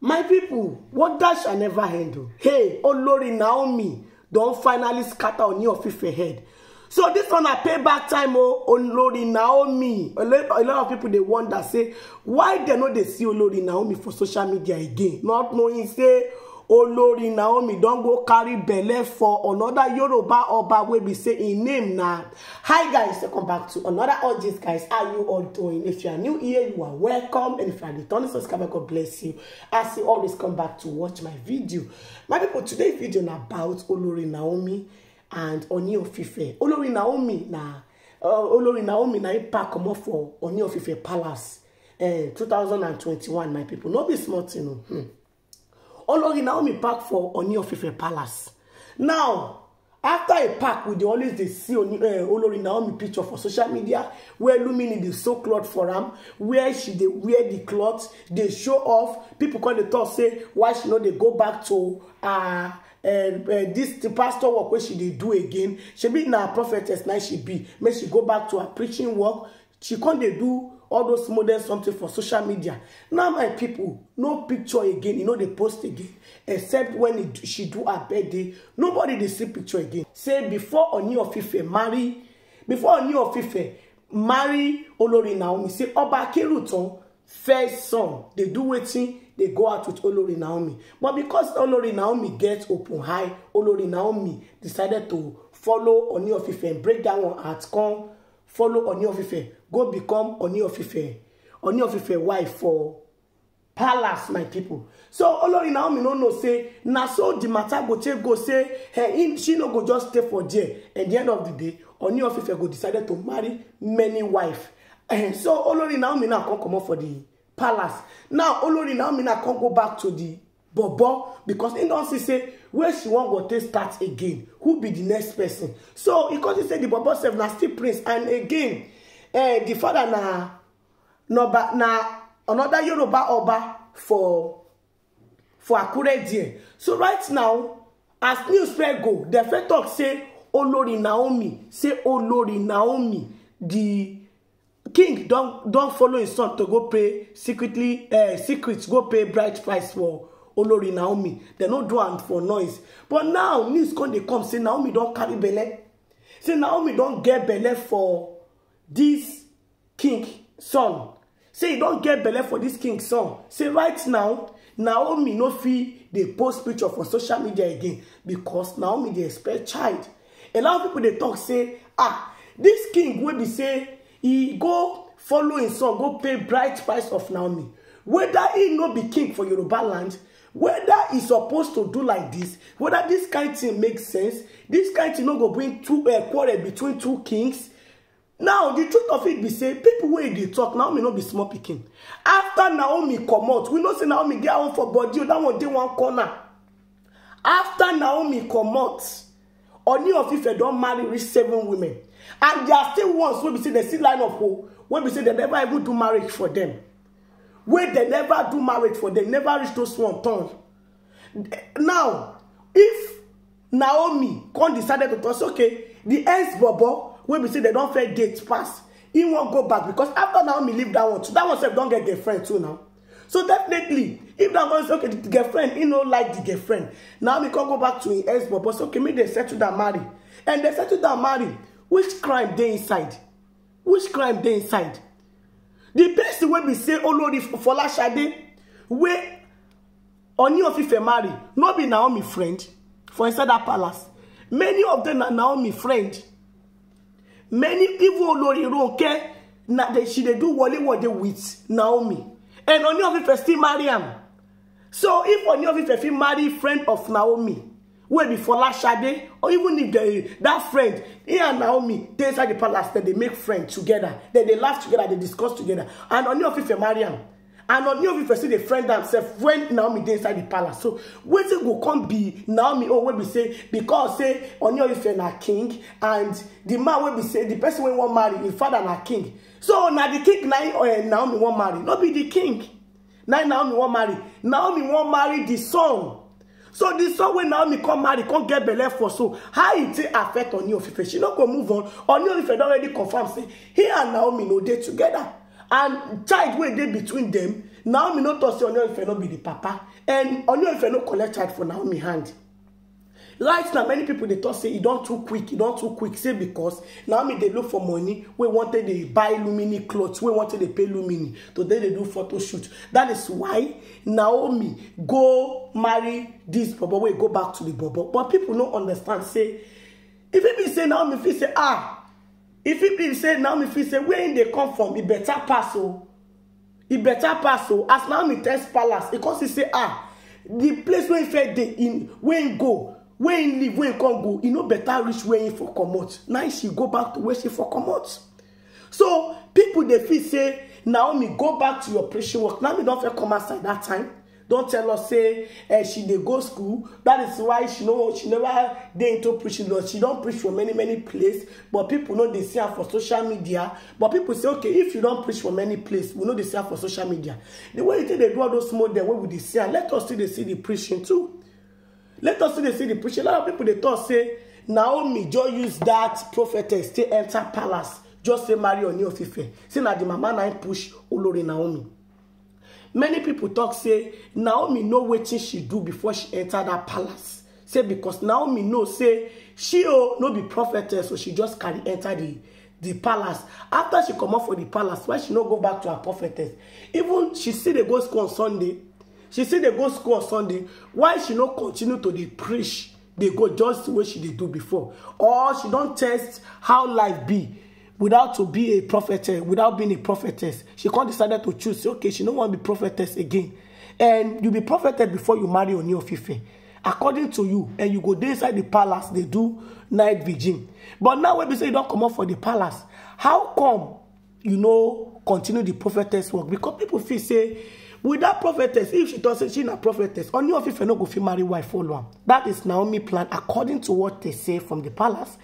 my people what that shall never handle. Oh. hey olori naomi don finally scatter Ooni of Ife head so this one na payback time o oh, olori naomi a lot of people dey wonder say why dem no dey see olori naomi for social media again not knowing say olori naomi don go carry belle for another yoruba oba wey be say im name na hi guys welcome back to another all audience guys how you all doing if you are new here you are welcome and if you are returning subscriber god bless you as you always come back to watch my video my people today video na about olori naomi and oni of ife olori naomi na uh, olori naomi na im pack comot for oni of palace uh, eh, 2021 my people no be small thing o. Hmm. Olori Naomi park for Oni of Ife Palace. Now, after a park, we dey always they see Oni, uh, Olori Naomi picture for social media where Lumini the sew cloth for am, where she they wear the cloth, they show off. People call the talk say why she no they go back to her. Uh, uh, uh, this the pastor work where she dey do again She be now prophetess na she be May she go back to her preaching work she come they do all those models, something for social media now my people no picture again you know they post again except when it, she do her birthday nobody they see picture again say before oni of marry before oni of marry olori naomi say oba akerutan first son They do wetin They go out with olori naomi but because olori naomi gets open high, olori naomi decided to follow oni of and break down her heart come follow oni of go become Oni of Ife. Oni of Ife wife for palace my people so olori naomi no know say na so di matter go take go say eh, hey, him, she no go just stay for there at the end of the day Ooni of Ife go decided to marry many wife and eh, so olori naomi now come comot for the palace now olori naomi now come go back to the bobo because he don see say where she wan go take start again who be the next person so e come see say the bobo sef na still prince and again eh, the father na no ba na another yoruba oba for for akure there so right now as news spread go the first talk say olori naomi say olori naomi the king don don follow his son to go pay secretly uh, secret go pay bright price for olori naomi dem no do am for noise but now news come dey come say naomi don carry belle say naomi don get belle for This king son say e don get belle for this king son say right now naomi no fit dey post picture for social media again because naomi dey expect child a lot of people dey talk say ah this king wey be say he go follow im son go pay bright price of naomi whether he no be king for yoruba land whether he suppose to do like this whether this kind thing make sense this kind thing no go bring two eh, quarrel between two kings now the truth of it be say pipo wey dey tok naomi not be small picking. After naomi comot we know say naomi get home for body oh, That one dey one corner After naomi comot only of if they don't marry rich seven women and are still ones wey be say dem still line of o oh, wey we say they never even do marriage for them, where they never do marriage for dem never reach those one turn now if naomi come decided to talk okay the ex bobo wey be say dem don fair date pass he wan go back because after naomi leave that one too that one sef don get girlfriend too now so definitely if na one say okay the girlfriend he no like the girlfriend naomi come go back to him ex but say okay make dem settle down marry and dem settle down marry which crime dey inside which crime dey inside the person wey be say olori folashade wey oni of ife marry no be naomi friend for inside that palace many of them na naomi friend many even olori ronke na they, she dey do wọléwọ̀de with naomi and oni of ife still marry am so if oni of ife fit marry friend of naomi wey be folashade or even if they, that friend he and naomi dey inside the palace then they make friend together then they laugh together they discuss together and oni of ife marry am and on new people still dey friend am sef when naomi dey inside the palace so wetin go come be naomi own wey be say because say oni oife na king and the man wey be say the person wey wan marry him father na king so na the king na uh, naomi wan marry no be the king na naomi wan marry naomi wan marry the son so the son wey naomi come marry come get belle for so how e take affect oni ofife she no go move on oni ofife don already confirm say he and naomi no dey together and child wey dey between dem naomi no talk say onyoife no be the papa and onyoife no collect child for naomi hand right now many people dey talk say e don too quick e don too quick say because naomi dey look for money wey wan take dey buy lumini cloth wey wan take dey pay lumini today dey do photo shoot that is why naomi go marry this bobo wey go back to the bobo but people no understand say if e be say naomi fit say ah if he be say naomi fit say where im dey come from e better pass o oh. e better pass o oh. as me test palace e come see say ah the place wey im first dey where im go where im live, where im come go e no better reach where im for comot Now she go back to where she for comot so people dey feel say naomi go back to your preaching work naomi don first come outside that time don tell us say uh, she dey go school that is why she no she never dey into preaching lord she don preach for many many place but people no dey see her for social media but people say okay if you don preach for many place we no dey see her for social media the way you take dey do all those model wey we dey see her. let us still dey see the preaching too let us still dey see the preaching a lot of people dey talk say naomi just use that prophetess take enter palace just say marry oni of ife say na the mama na him push olori naomi many people talk say naomi know wetin she do before she enter that palace say because naomi know say she oh no be prophetess so she just carry enter the the palace after she comot for the palace why she no go back to her prophetess even she still dey go school on sunday she still dey go school on sunday why she no continue to dey preach dey go just the way she dey do before or she don test how life be without to be a prophet, without being a prophetess she come decided to choose say okay she no wan be prophetess again and you be prophetess before you marry oni of according to you and you go dey inside the palace dey do night virgin but now wey be say you don comot for the palace how come you no continue the prophetess work because people feel say without prophetess if she talk say she na prophetess oni of no go fit marry wife follow am that is naomi plan according to what they say from the palace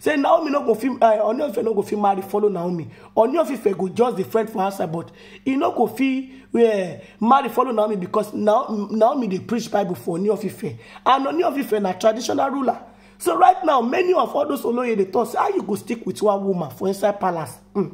say naomi no go eh, fit onyofe no go fit marry follow naomi onyofe go just dey friend for outside but e no go fit eh, marry follow naomi because naomi dey preach bible for onyofe and onyofe na traditional ruler so right now many of all those oloye dey talk say how you go stick with one woman for inside palace hmm.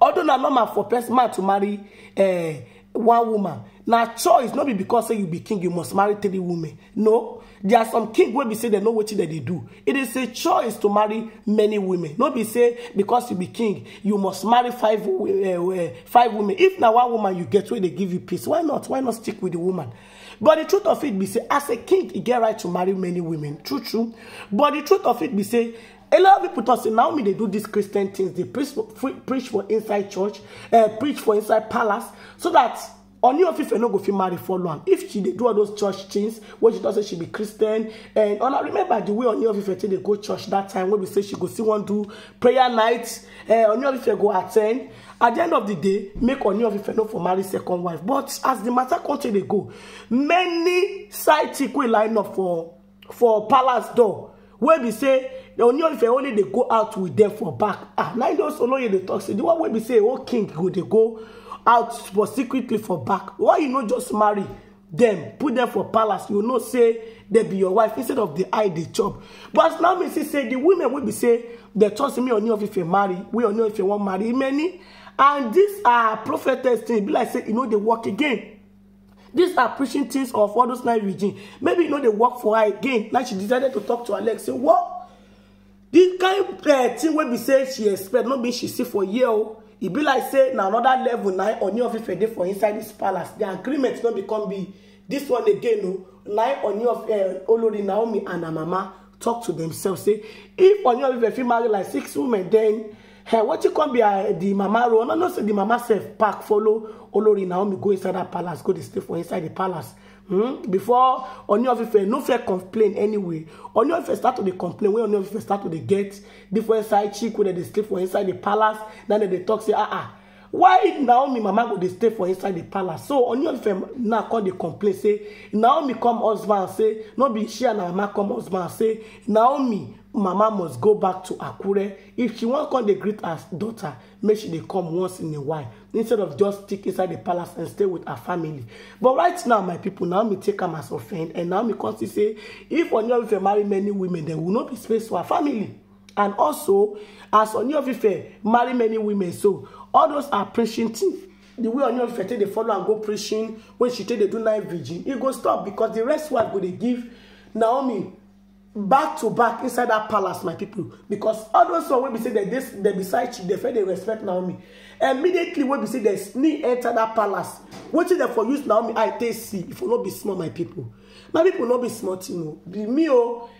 although na normal for person man to marry eh, one woman Now, choice Not be because say you be king you must marry three women no there are some king wey be say dem know wetin dem dey do it is a choice to marry many women Not be say because you be king you must marry five uh, five women if now one woman you get wey they give you peace why not why not stick with the woman but the truth of it be say as a king e get right to marry many women true true but the truth of it be say a lot of people talk say naomi they do these christian things They preach for preach for inside church uh, preach for inside palace so that Ooni of Ife no go fit marry for long. if she dey do all those church things wey she does say she be Christian and una remember the way on your Ife take dey go church that time wey we say she go see one do prayer night uh, Ooni of Ife go attend. at the end of the day make Ooni of Ife no for marry second wife but as the matter come they go many side chick wey line up for for palace door wey be say the onion ife only dey go out with them for back ah na those oloye dey talk say the one wey be say old oh, king go dey go out for secretly for back why you no just marry them, put them for palace you know say they be your wife instead of the eye dey chop but now me see say the women wey be say dem trust me onion ife marry wey onion ife wan marry many and this are ah, prophetess thing be like say e no dey work again these are preaching things of all those nine regime maybe you know they work for her again now she decided to talk to alex say what this kind uh, thing wey be say she expect not be she see for year. o oh, e be like say now another level na oni of ife dey for inside this palace the agreement not become be this one again oh, nine on oni of uh, olori naomi and her mama talk to themselves say if oni of ife fit marry like six women then Hey, what you come be uh, the mama role? No, no, say the mama self pack follow Olori Naomi go inside that palace, go to stay for inside the palace. Hmm? Before Ooni of fair, no fair complain anyway. Oni of Ife start to the complain when Oni of Ife start to the get different side chick wey dey stay for inside the palace. Then they dey talk say, ah ah, why Naomi mama go dey stay for inside the palace? So Oni of Ife now come the complain say Naomi come husband say no be she and her mama come husband say Naomi mama must go back to akure if she wan come dey greet her daughter make she dey come once in a while instead of just stick inside the palace and stay with her family but right now my people now me take am as offend and naomi come see say if onyofife marry many women there will no be space for her family and also as onyofife marry many women so all those are preaching things the way onyofife take dey follow am go preaching when she take dey do night virgin e go stop because the rest wife go dey give naomi back to back inside that palace my people because all those one wey be say dem dey dem beside you, they first they respect naomi immediately when we see dem sneak enter that palace what is there for you, naomi I taste see if e not be small my people my people not be small thing o oh. be me oh,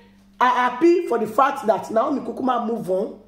i happy for the fact that naomi kukuma move on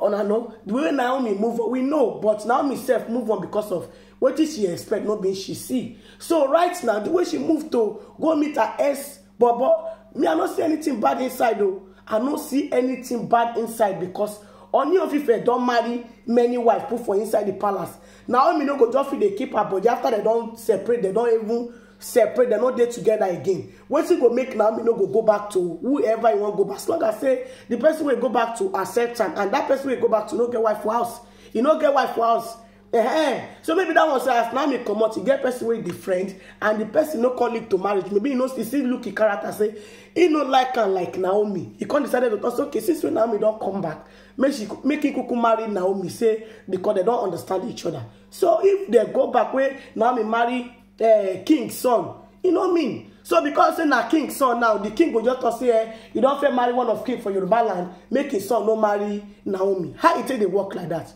on her own the way naomi move on we know but naomi sef move on because of what wetin she expect Not being she see so right now the way she moved to go meet her ex bobo me i no see anything bad inside o i no see anything bad inside because oni of ife don marry many wife put for inside the palace naomi no go just fit dey keep her body after dem don separate dem don even separate dem no dey together again wetin go make naomi no go go back to whoever e wan go back as long as say the person wey go back to accept am and that person wey go back to no get wife for house e no get wife for house -huh. so maybe that one say as na me comot e get person with e dey friend and the person no come lead to marriage maybe he no see, see look him character say he not like her like naomi he come decide to talk say okay since wey naomi don't come back make she make him kuku marry naomi say because they don't understand each other so if they go back where naomi marry uh, eh, king son e no mean so because say na king son now the king go just talk say eh you don fit marry one of king for your land make his son no marry naomi how it e take the work like that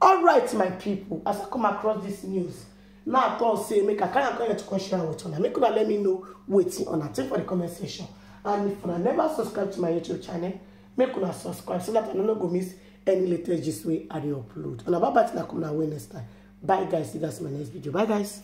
all right my people as i come across this news now i thought say make i carry am come here to question share with una make una let me know Waiting on a thing for the comment section and if una never subscribe to my youtube channel make una subscribe so that una no go miss any latest this way i dey upload una bye bye i come una Wednesday. bye guys see you guys in my next video bye guys.